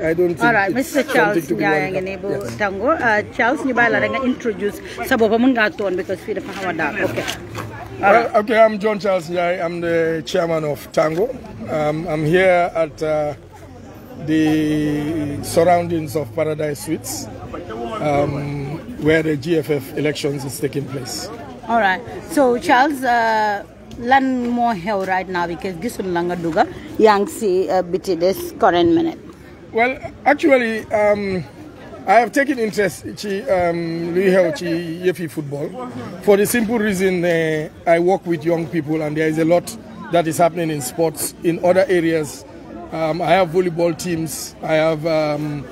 I don't All right, Mr. Charles Nyanganebo yeah. Tango. Uh, Charles Nibala Renga introduce Saboba Mungaton because Fida Pahamada. Okay. All right. Uh, okay, I'm John Charles Nyai. I'm the chairman of Tango. Um, I'm here at uh, the surroundings of Paradise Suites um, where the GFF elections is taking place. All right. So, Charles, uh, lan mo xew right now because this gisul la nga duga yang ci uh, biti this current minute well, actually, um, I have taken interest in um, Luiheochi Yefi football for the simple reason uh, I work with young people and there is a lot that is happening in sports in other areas. Um, I have volleyball teams, I have um,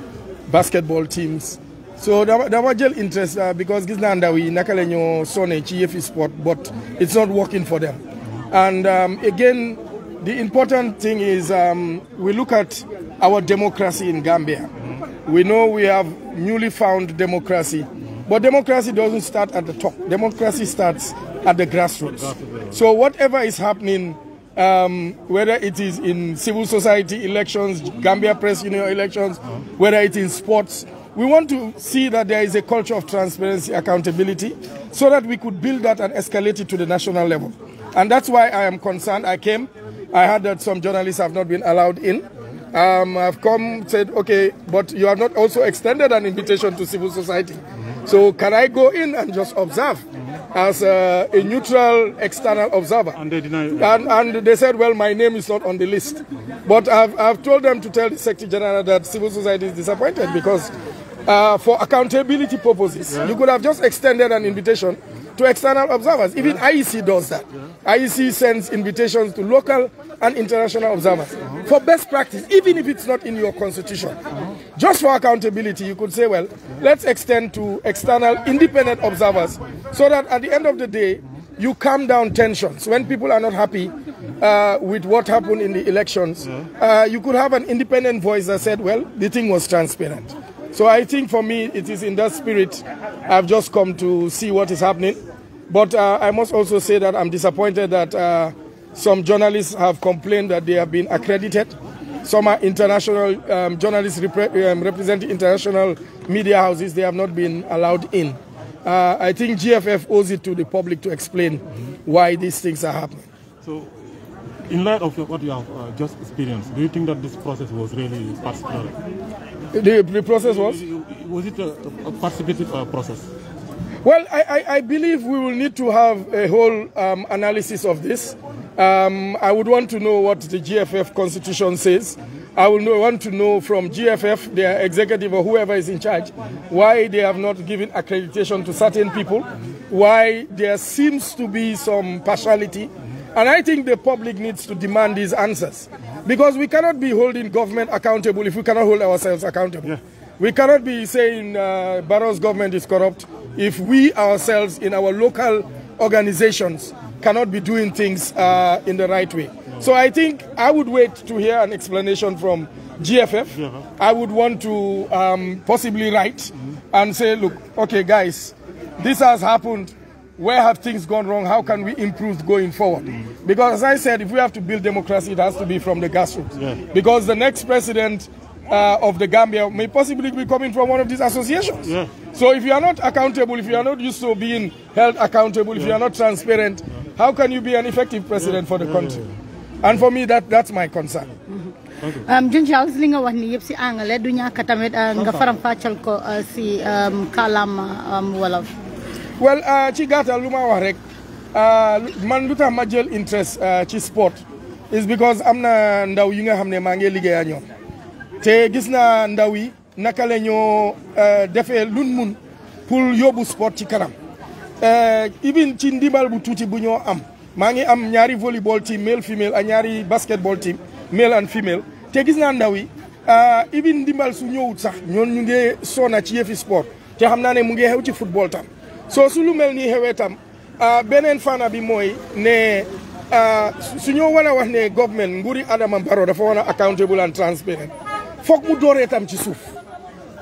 basketball teams. So there, was general interest uh, because Giznanda we nakale nyo sone Yefi sport, but it's not working for them. And um, again, the important thing is um, we look at our democracy in Gambia. We know we have newly found democracy, but democracy doesn't start at the top. Democracy starts at the grassroots. So whatever is happening, um, whether it is in civil society elections, Gambia Press Union elections, whether it is in sports, we want to see that there is a culture of transparency, accountability, so that we could build that and escalate it to the national level. And that's why I am concerned. I came I heard that some journalists have not been allowed in. Um, I've come, said, okay, but you have not also extended an invitation to civil society. So can I go in and just observe as a, a neutral external observer? And they denied and, and, they said, well, my name is not on the list. But I've, I've told them to tell the Secretary General that civil society is disappointed because uh, for accountability purposes, yeah. you could have just extended an invitation to external observers. Even yeah. IEC does that. Yeah. IEC sends invitations to local and international observers uh -huh. for best practice, even if it's not in your constitution. Uh -huh. Just for accountability, you could say, well, yeah. let's extend to external independent observers so that at the end of the day, you calm down tensions. When people are not happy uh, with what happened in the elections, uh, you could have an independent voice that said, well, the thing was transparent. So I think for me, it is in that spirit I've just come to see what is happening. But uh, I must also say that I'm disappointed that uh, some journalists have complained that they have been accredited. Some are international um, journalists um, representing international media houses. They have not been allowed in. Uh, I think GFF owes it to the public to explain why these things are happening. So, in light of what you have uh, just experienced, do you think that this process was really particular? The, the process was? Was it a, a participative uh, process? Well, I, I, I, believe we will need to have a whole um, analysis of this. Um, I would want to know what the GFF constitution says. I will know, want to know from GFF, their executive or whoever is in charge, why they have not given accreditation to certain people, why there seems to be some partiality and I think the public needs to demand these answers. Because we cannot be holding government accountable if we cannot hold ourselves accountable. Yeah. We cannot be saying uh, Barrow's government is corrupt if we ourselves in our local organizations cannot be doing things uh, in the right way. So I think I would wait to hear an explanation from GFF. I would want to um, possibly write and say, look, okay, guys, this has happened where have things gone wrong? How can we improve going forward? Because as I said, if we have to build democracy, it has to be from the grassroots. Yeah. Because the next president uh, of the Gambia may possibly be coming from one of these associations. Yeah. So if you are not accountable, if you are not used to being held accountable, if yeah. you are not transparent, how can you be an effective president for the country? And for me, that, that's my concern. Junja, li nga wax ni yëpp si um, anglais du ñàkk tamit nga faram ko um, si wolof. well uh, ci gàttal lu ma wax rek uh, man lu tax ma jël interest uh, ci sport is because am na ndaw yi nga xam ne maa ngi liggéey a ñoom te gis naa ndaw yi naka la ñoo defee luñ mun pour yobu sport ci kanam even ci ndimbal bu tuuti bu ñoo am maa ngi am ñaari volleyball team male female ak ñaari basketball team male and female te gis naa ndaw yi even ndimbal su ñëwut sax ñoon ñu ngi sona ci yëfi sport te xam naa ne mu ngi xew ci football tam soo su lu mel nii xewee tam ah, beneen fana bi mooy ne ah, su ñoo war a wax ne government nguuri Adama Barrow dafa war a accountable and transparent foog mu dooree tam ci suuf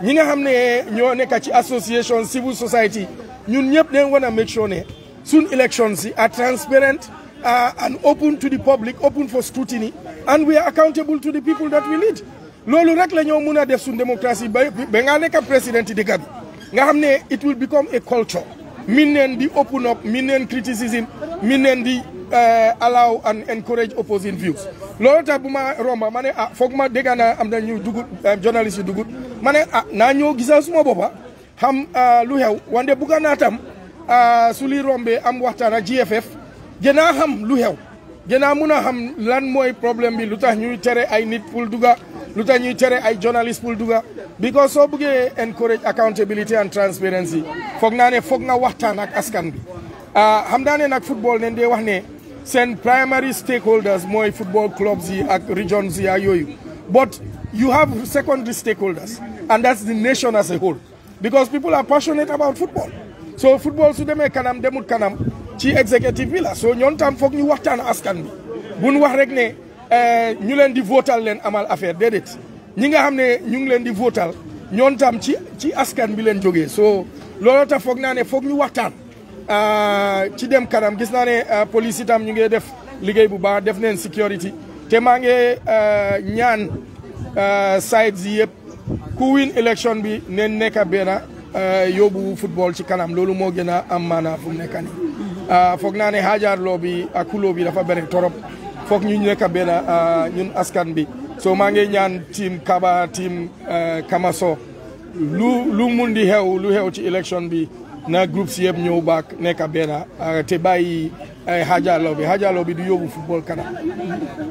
ñi nga xam ne ñoo nekk ci association civil society ñun ñëpp dañ war a make sure ne suñ elections yi are transparent ah, an open tu the public open for scrutiny and we are accountable to the people that we lead loolu rek la ñoo mun a def suñ démocratie ba ba ngaa nekk président dëkk bi nga xam ne it will become a culture minen ndi open up minen criticism minen ndi di eh, allow and encourage opposing views loolu tax bu ma romba ma ne ah foog ma dégg naa am na ñu dugut eh, journaliste yu dugut mane ne ah naa ñëw gisal suma boppa xam eh, lu xew wante bugga naa tam su li rombee am waxtaan ak GFF gënaa xam lu xew gën a mun a xam lan mooy problème bi lu tax ñuy tere ay nit pour duga lu tax ñuy tere ay journaliste pour duga because soo bëggee encourage accountability and transparency foog naa ne foog nga waxtaan ak askan bi ah, xam naa ne football nen dee wax ne seen primary stakeholders mooy football clubs yi ak regions yi ak yooyu but you have secondary stakeholders and that's the nation as a whole because people are passionate about football so football su demee kanam demut kanam ci exécutif bi la soo ñoon tam foog ñu waxtaan askan bi bu ñu wax rek ne eh, ñu leen di votal leen amal affaire déedéet ñi nga xam ne ñu ngi leen di votal ñoon tam ci ci askan bi leen jógee soo looloo ta foog naa ne foog ñu waxtaan eh, ci dem kanam gis naa ne eh, police tam ñu ngi def liggéey bu baax def neen sécurité te maa ngi ñaan sides yi yëpp ku win élection bi neen nekk benn yóbbu football ci kanam loolu moo gën a am maanaa fu mu nekk Ah, foog naa ne xaajaarloo bi ak kuloo bi dafa bari torop foog ñu nekk benn ah, ñun askan bi soo maa ngi ñaan tiim Kaba team eh, Kamaso lu lu mun di xew lu xew ci élection bi na groupe si yëpp ñëw baak nekk benn ah, te bàyyi ay eh, xaajaloo bi xaajaloo bi di yóbbu football kanam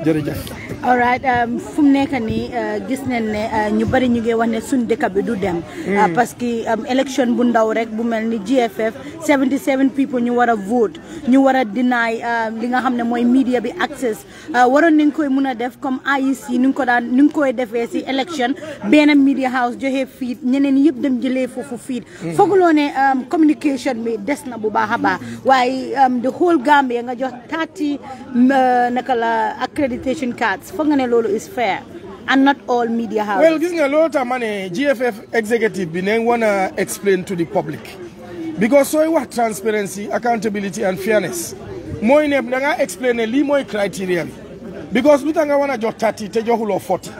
jërëjëf. all right um, fu mu nekk nii uh, gis nañ ne uh, ñu bari ñu ngi wax ne suñ dëkk bi du dem. Mm. Uh, parce que élection um, bu ndaw rek bu mel ni GFF 77 people ñu war a vote ñu war a deny um, li nga xam ne mooy media bi access waroon nañ koy mun a def comme IEC ni nga ko daan ni nga koy defee si élection benn media house joxe fii ñeneen yëpp dem jëlee foofu fii. Mm. fooguloo ne communication bi des na bu baax a baax mm. waaye the whole Gambia nga jox thirty uh, naka la accreditation cards foog nga ne loolu is fair and not all media gis nga loolu tax ma ne GFF executive bi ne wanna explain to the public because sooy wax transparency accountability and fairness mooy ne da ngaa explain ne lii mooy criteria bi because lu ta nga wanna jox thirty te joxuloo forty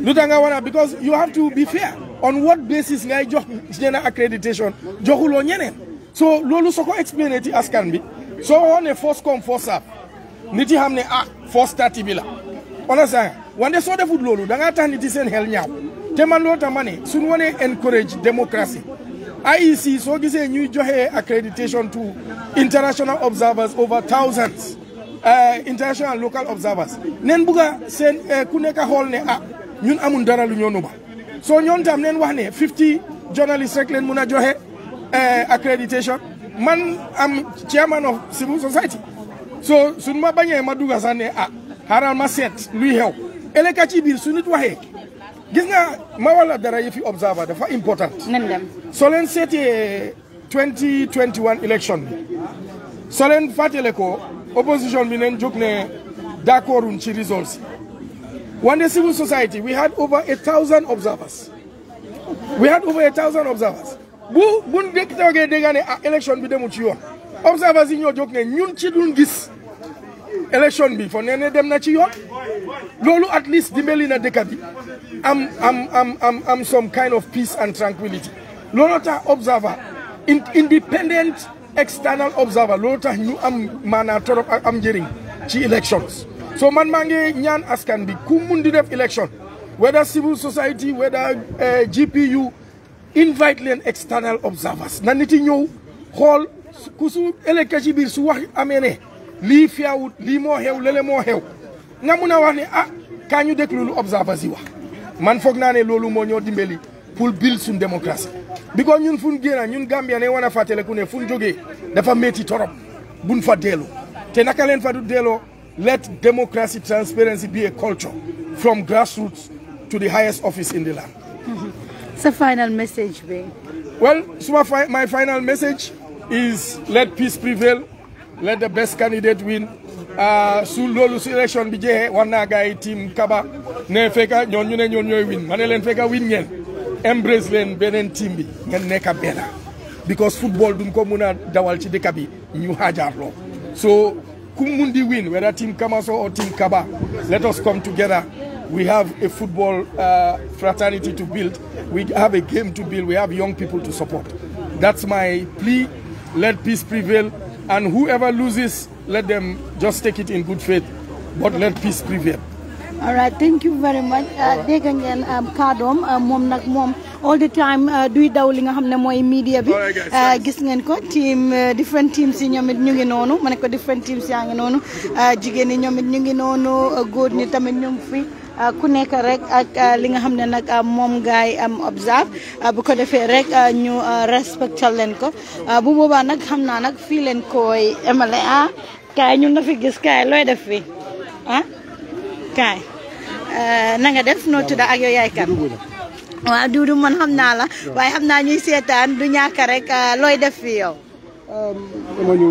lu tax nga wanna because you have to be fair on what basis ngay jox ñeneen accreditation joxuloo ñeneen so loolu soo ko explain ti askan bi. soo xoolee force comme force ab nit yi xam ne ah force tati bi la. on a wante soo defut loolu da ngaa tax nit seen xel ñaaw te man loolu tax ma ne suñu wanee encourage démocratie IEC soo gisee ñuy joxe accreditation to international observers over thousands eh, international local observers neen bugg seen eh, ku nekk a xool ne ah ñun amul dara lu ñoo nuba soo ñoon tam neen wax ne 50 journalistes rek leen mun a joxe eh, accreditation. man am chairman of civil society so suñ ma bañee ma dugga san ne ah xaaral ma seet luy xew eleka ci biir su nit waxee gis nga ma wala dara yëfi observer dafa important soo leen seetee 2021 election bi soo leen fàttale ko opposition bi neen jóg ne d'accorduñ ci results wante civil society we had over a thousand observers we had over a thousand bu bu dëkk toogee dégg ne ah élection bi demul ci yoon observation yi ñoo jóg ne ñun ci duñ gis élection bi fo nee ne dem na ci yoon loolu at least dimbali na dëkk bi am am am am am some kind of peace and tranquility loolu tax observer independent external observer loolu tax ñu am maanaa torop ak am njëriñ ci elections so man maa ngi ñaan askan bi ku mun di def élection whether civil society whether eh, GPU invite leen external observers na nit yi ñëw xool ku su ëllëg ci biir su wax amee ne lii fiyaawut lii moo xew lële moo xew nga mun a wax ne ah kaa ñu déglu lu observers yi wax man foog naa ne loolu moo ñoo dimbali pour build suñ démocratie bi ko ñun fu ñu génn ñun Gambia ne war a ku ne fu ñu jógee dafa métti torop buñ fa deelu te naka leen fa du deeloo let democracy transparency be a culture from grassroots to the highest office in the land sa final message bi. well suma my final message is let peace prevail let the best candidate win ah, su loolu su élection bi jeexee war naa gars yi team Kaba ne fekka ñoon ñu ne ñoon win ma len leen fekka win ngeen embrace leen beneen team bi ngeen nekka benn because football duñ ko mun a dawal ci dëkk bi ñu xaajaarloo so ku mun di win whether team Kamaso or team Kaba let us come together we have a football uh, fraternity to build. We have a game to build. We have young people to support. That's my plea. Let peace prevail. And whoever loses, let them just take it in good faith. But let peace prevail. All right, thank you very much. Uh, dégg ngeen um, kàddoom uh, moom nag moom all the time uh, duy daw li nga xam ne mooy media bi. gis ngeen ko team different teams yi ñoom it ñu ngi noonu ma different teams yaa ngi noonu jigéen ñi ñoom it ñu ngi noonu góor ñi tamit ñu fi. Ah, ku nekk rek ak ah, li nga xam ne nag ah, moom gaay am observe bu ko defee rek ñu respectal leen ko bu boobaa nag xam naa nag fii leen koy emale ah kaay ñu na fi gis kaay looy def fii ah kaay def noo tudda ak yow kan man xam naa la waaye xam naa ñuy seetaan du ñàkk looy def fii yow um, dama ñu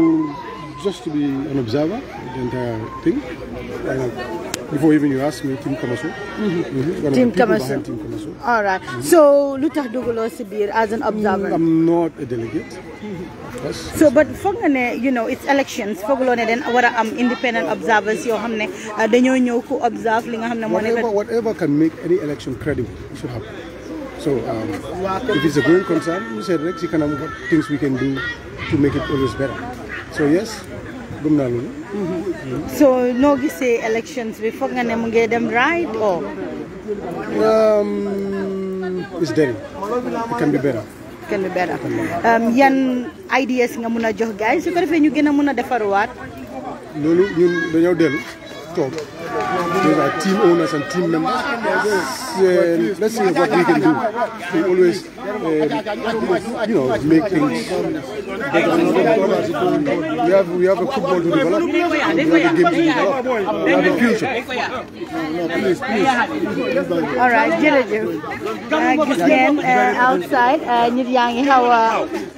before even you ask me, Tim Kamasu. Mm-hmm. Mm-hmm. Tim Kamasu. Tim Kamasu. All right. Mm -hmm. So, Lutah Dugulo Sibir as an observer. Mm, I'm not a delegate. Mm-hmm. Yes. So, but Fogane, you know, it's elections. Fogolone then what um, independent observers, yo hamne, uh, denyo nyoku observe linga hamne whatever, whatever can make any election credible should happen. So, um, if it's a growing concern, we said, Rex, you can have things we can do to make it always better. So, yes, gëm naa loolu. so noo gisee elections bi foog nga ne mu dem right or. Um, it's there it can be um, yan ideas nga mun a jox gars yi ko defee ñu gën a mun a defar defaruwaat. loolu ñun dañoo dellu toog. Those are team owners and team members. And let's see what we can do. We always uh, you know, make things. We have, we have a football to develop, we have a game to develop, we have a future. please, please. All right, jërëjëf. Again, outside nit yaa ngi xaw a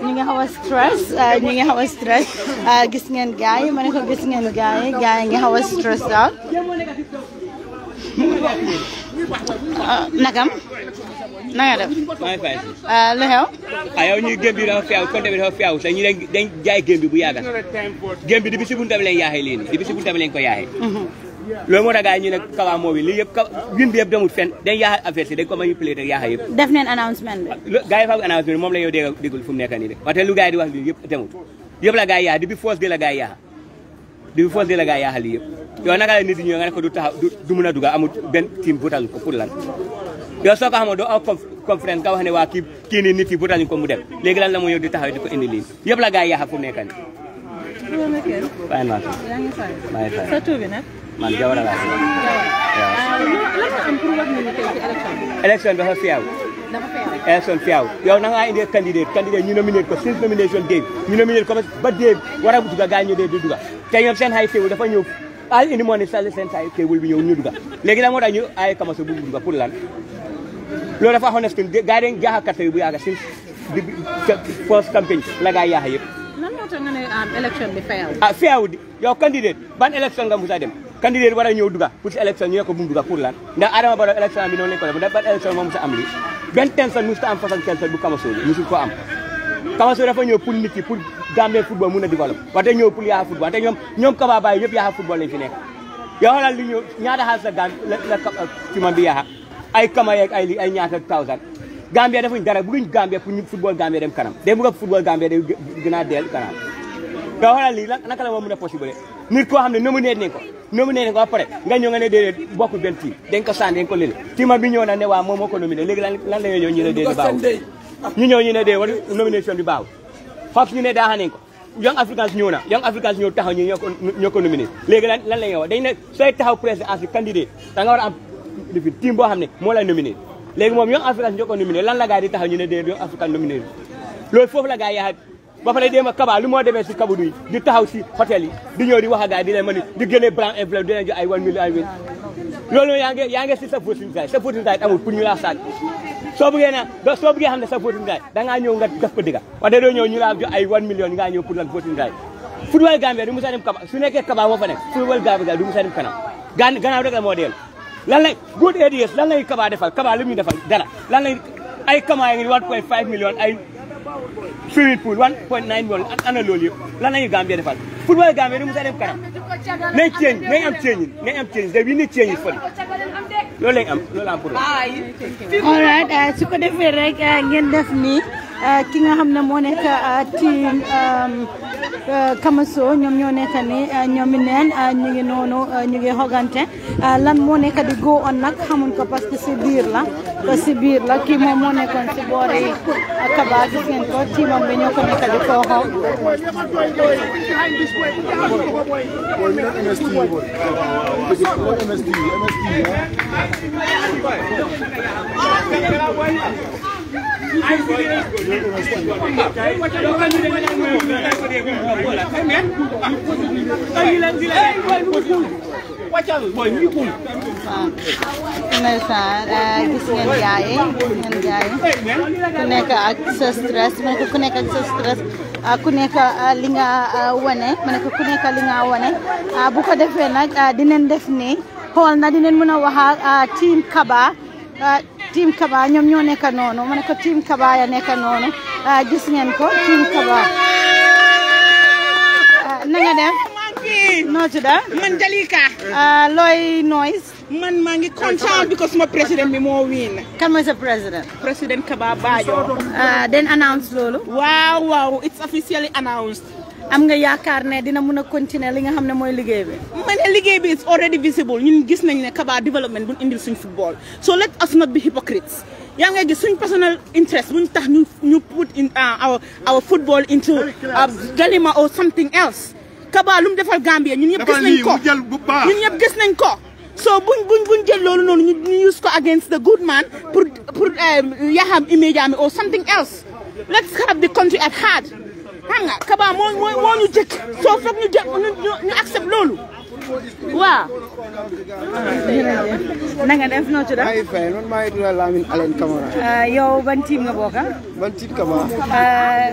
ñu stress ñu ngi xaw stress gis ngeen gars yi ma ne ko gis ngeen ngi stress out. Ah, nakam na nga def. maa ngi fay. Ah, lu xew. ah yow ñuy gém bi dafa feew bu yàgg. gém bi di bi si buntam leen yaaxee leen di bi si buntam leen ko yaaxee. Mhm. loolu moo tax ne kawa moo bi lii yëpp ka win bi yëpp demul si dañ ko manipulé rek yaaxa yëpp. def announcement bi. gars yi announcement moom la yow dégg déggul fu mu nekk nii de. parce lu gars di wax lii yëpp demul yëpp la gars yi di bi foos di la gaa yaaxal yëpp yow naka la nit di ñëw nga ne du taxaw du mun a dugg amul benn team votalu ko pour lan yow soo ko xamoo aw conférence nga wax ne waa kii kii nii nit yi mu dem léegi lan la mu yow di taxaw di ko indi lii yëpp la gaa yaaxal fu mu nekk nii fay naa ko maa ngi fay sa tur bi nag man jawara yow na ngaa indi candidate candidate ñu nominate ko since nomination date ñu nominate ko ba date war a dugg gaa ñu dee du dugg te ñoom seen xay teewul dafa ñëw al indi moo ne sali seen xay teewul bi ñëw ñu duga léegi nag moo tax ñu ay kamaso bu duga pour lan loolu dafa xaw na suñu gaa bu yàgg si di post campagne la gaa yaax yëpp. lan moo tax nga um, ah, candidate ban élection nga musa dem candidate war a ñëw duga pour si ñu ne bu mu duga pour lan ndax Adama Barrow élection bi noonu lañ ko def ndax musa am lii benn tension musta am façon tension bu kamaso Gambie football a développé wax te ñëw pour Yaxa football te ñoom ñoom Kaba la Gambie la la ci man bi Yaxa ay kama yeeg ay li ay ñaata tawsan Gambie defuñ dara bu duñ ñu football Gambie dem kanam day bëgg a football Gambie day gën a deel lii naka a possible ne nominé nañ ko nominé nañ ko ba pare nga ñëw nga ne déedéet bokkul benn team dañ ko sànni dañ ko lële team bi ñëw na ne waa moom moo ko nominé léegi lan lan la ñuy ñëw ñu ne déedéet baaw ñu ñëw ñu ne nomination bi baaw Fap ñu ne daaxa nañ ko Young Africans ñëw na Young Africans ñëw taxaw ñu ñoo ko ñoo ko nominé léegi lan lan la dañ ne sooy taxaw président as candidat da nga war a am lifi team boo xam ne moo lay nominé léegi moom Young Africans ñoo ko nominé lan la gars di taxaw ñu ne dee Young Africans nominé loolu foofu la gars yaa ba pare dem a kaba lu moo demee si kabudu yi di taxaw si hôtel di ñëw di wax a gars di leen mën di génne blanc enveloppe di leen jox ay loolu yaa ngi yaa nge si sa fautinsaay sa fautinsaay amul pour ñu laa saaj soo na soo bëggee xam ne sa fautinsaay dangaa ñëw nga def ko dëgga wax da doo ñëw ñu laa jox ay million ngaa ñëw pour lan fautinsaay football Gambia du musa dem kaba su nekkee kaba moo fa nekk football Gambia dem kanam gannaaw rek la moo deel lan lay good ADS lan lay kaba defal kaba lu muy defal dara lan lay ay kama yi 1.5 million million ana loolu yëpp lan lañu Gambia defal football Gambia du musa dem kanam nañ ceeñ nañ am ceeñin nañ am ceeñin da wi ne ceeñin fan loolu am loolu am pour alright uh, su ko defee rek uh, ngeen def nii uh, ki nga xam ne moo nekk ci Euh, Kamaso ñoom ñoo nekk ni euh, ñoom neen ñu euh, noonu ñu ngi lan moo nekk di go on nag xamuñ ko parce que si biir la si biir la kii moom moo nekkoon si boori Kaba gis ngeen ko tiimam bi ñoo ko nekk di koo xaw ndeysaan gis ngeen gis ngeen gars ku nekk ak sa stress ma ne ku nekk ak sa stress ku nekk li nga wane ma ne ku nekk li nga wane bu ko defee nag dinañ def nii xool na di dinañ mën a wax ak team Kaba tiim Kaba ñoom ñoo nekk noonu ma ne ko team Kaba ya nekk noonu ah, gis ngeen ko team Kaba ah, na nga def noo tudda man Jalika ah, looy noise man maa ngi kontaan because bi moo win kan mooy sa président président Kaba Bajo den announce loolu am nga yaakaar ne dina mën a continuer li nga xam ne mooy liggéey bi. ma ne liggéey bi is already visible ñun gis nañ ne Kabaa développement bu ñu indil suñ football so let us not be hypocrites. yaa nga gis suñ personal interest bu ñu tax ñu ñu put in uh, our our football into uh, Galima or something else. Kabaa lu mu defal Gambia ñun ñëpp gis nañ ko ñun nañ ko. so buñ buñ buñ jël loolu noonu ñu ñu use ko against the good man pour pour yaxam image am or something else let's have the country xam nga Kaba mau moo moo ñu jëkk soo foog ñu jëkk ñu ñu accept loolu waaw. na nga def noo tudd. maa ngi fay man maa ngi Lamine Camara. Euh, yow ban team nga ah? ban team Kaba. Euh,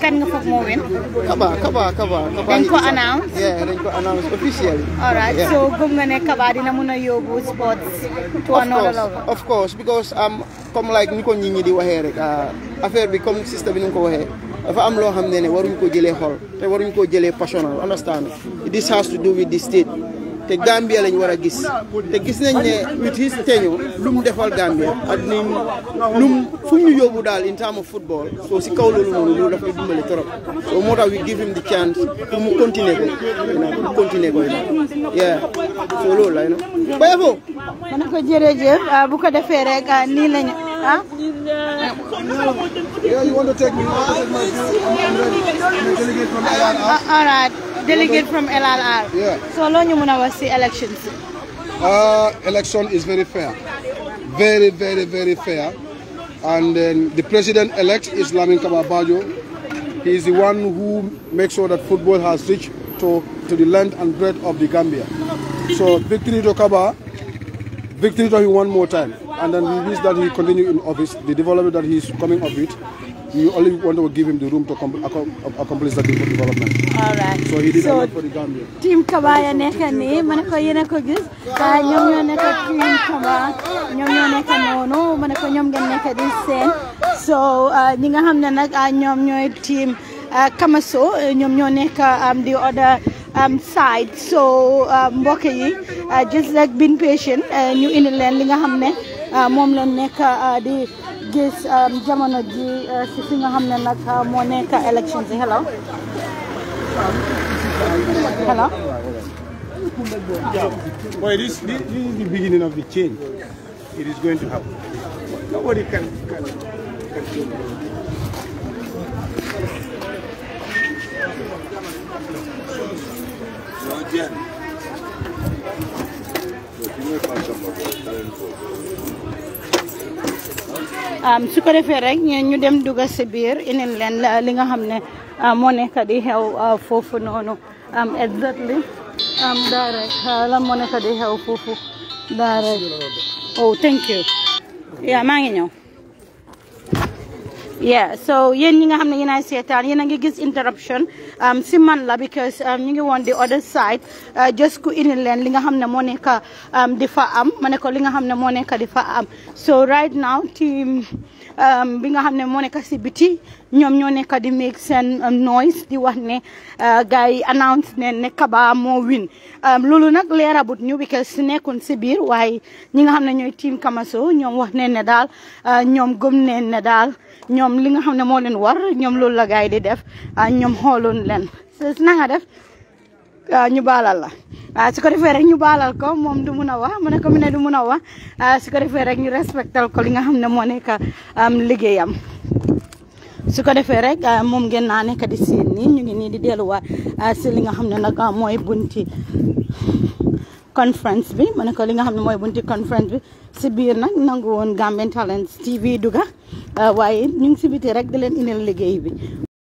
kan nga foog moo win. Kaba Kaba Kaba. dañ ko announce. yeah dañ ko announce officiel. all right so gëm nga ne Kaba dina mun a sports. to another level of course because um, comme like ni ko nit ñi di waxee rek ah, affaire bi comme sister bi dafa am loo xam ne ne waruñ ko jëlee xol te waruñ koo jëlee passionnel understand this has to do with the state te Gambia lañ war a gis te gis nañ ne with his tenure lu mu defal Gambia ak ni lu mu fu ñu yóbbu daal in terms of football soo si kaw loolu noonu loolu daf ñu trop soo moo tax we give him the chance pour mu continuer ko mu continuer ko yeah soo loolu lay na bayafoo. mën na ko jërëjëf ah, bu ko defee rek ah, nii lañu yeah, you want to take me delegate from uh, uh, all right, delegate from LAL. Yeah. So, long you want to see elections? Uh, election is very fair. Very, very, very fair. And then the president-elect is Lamin Kababajo. He is the one who makes sure that football has reached to, to the land and breadth of the Gambia. So victory to Kaba, victory to him one more time and then we wish that he continue in office, the development that he's coming of it, We only want to give him the room to accomplish that development. All right. So he did so, a lot for the Gambia. Team Kabaya nekk nii ma ne ko yéen Nyom nyom neka team Kaba, nyom nyom neka noonu ma ne ko ñoom ngeen nekk di seen so uh, ñi nga xam ne nag uh, ñoom ñooy team uh, Kamaso nyom ñoo nekk um, the other um, side so mbokk yi just like being patient ñu indi leen li nga xam ne Ah, moom la nekk ah, di gis ah, jamono ji si fi nga xam ne nag moo nekk hello hello Boy, this, this, this is the beginning of the change. It is going to happen. Nobody can, can, can change it. Roger. su ko defee ñu dem dugga si biir inin leen li nga xam ne ah, ah, ah, moo nekk di xew foofu noonu exactly daa rek la moo nekk di xew foofu daa rek thank you yaa maa ngi ñëw yeah so yéen ñi nga xam ne yéen ay seetaan yéen a ngi gis interruption um, si man la because um, ñu ngi woon di other side uh, just ku indil leen um, li nga xam ne moo nekk di fa am ma ko li nga xam ne moo nekk am so right now team Um, bi nga xam ne moo nekk si biti ñoom ñoo ne nekk di make seen um, noise di wax ne uh, gars yi announce ne ne Kaba moo win um, loolu nag leerabut ñu because nekkoon si biir waaye ñi nga xam ne ñooy team Kamaso ñoom wax ne ne daal uh, ñoom gëm ne ne daal ñoom li nga xam ne moo leen war ñoom loolu la gars yi di def uh, ñoom xooloon leen na nga def ñu baalal la waaw ah, su ko defé rek ñu balal ko mom du mëna wax mu ne ko mu ne du mëna a wax ah, su ko defé rek ñu respectal ko li nga xamne mo moo am ligéyam su ko defé rek ah, mom ngeen na nekk di seen ni ñu ngi ni di wa ci li nga xamne nak moy bunti conference bi mané ko li nga xamné moy bunti conference bi ci biir nak nangu won Gambian Talents TV duga waye ñu ngi ci biti rek di leen inel liggéey bi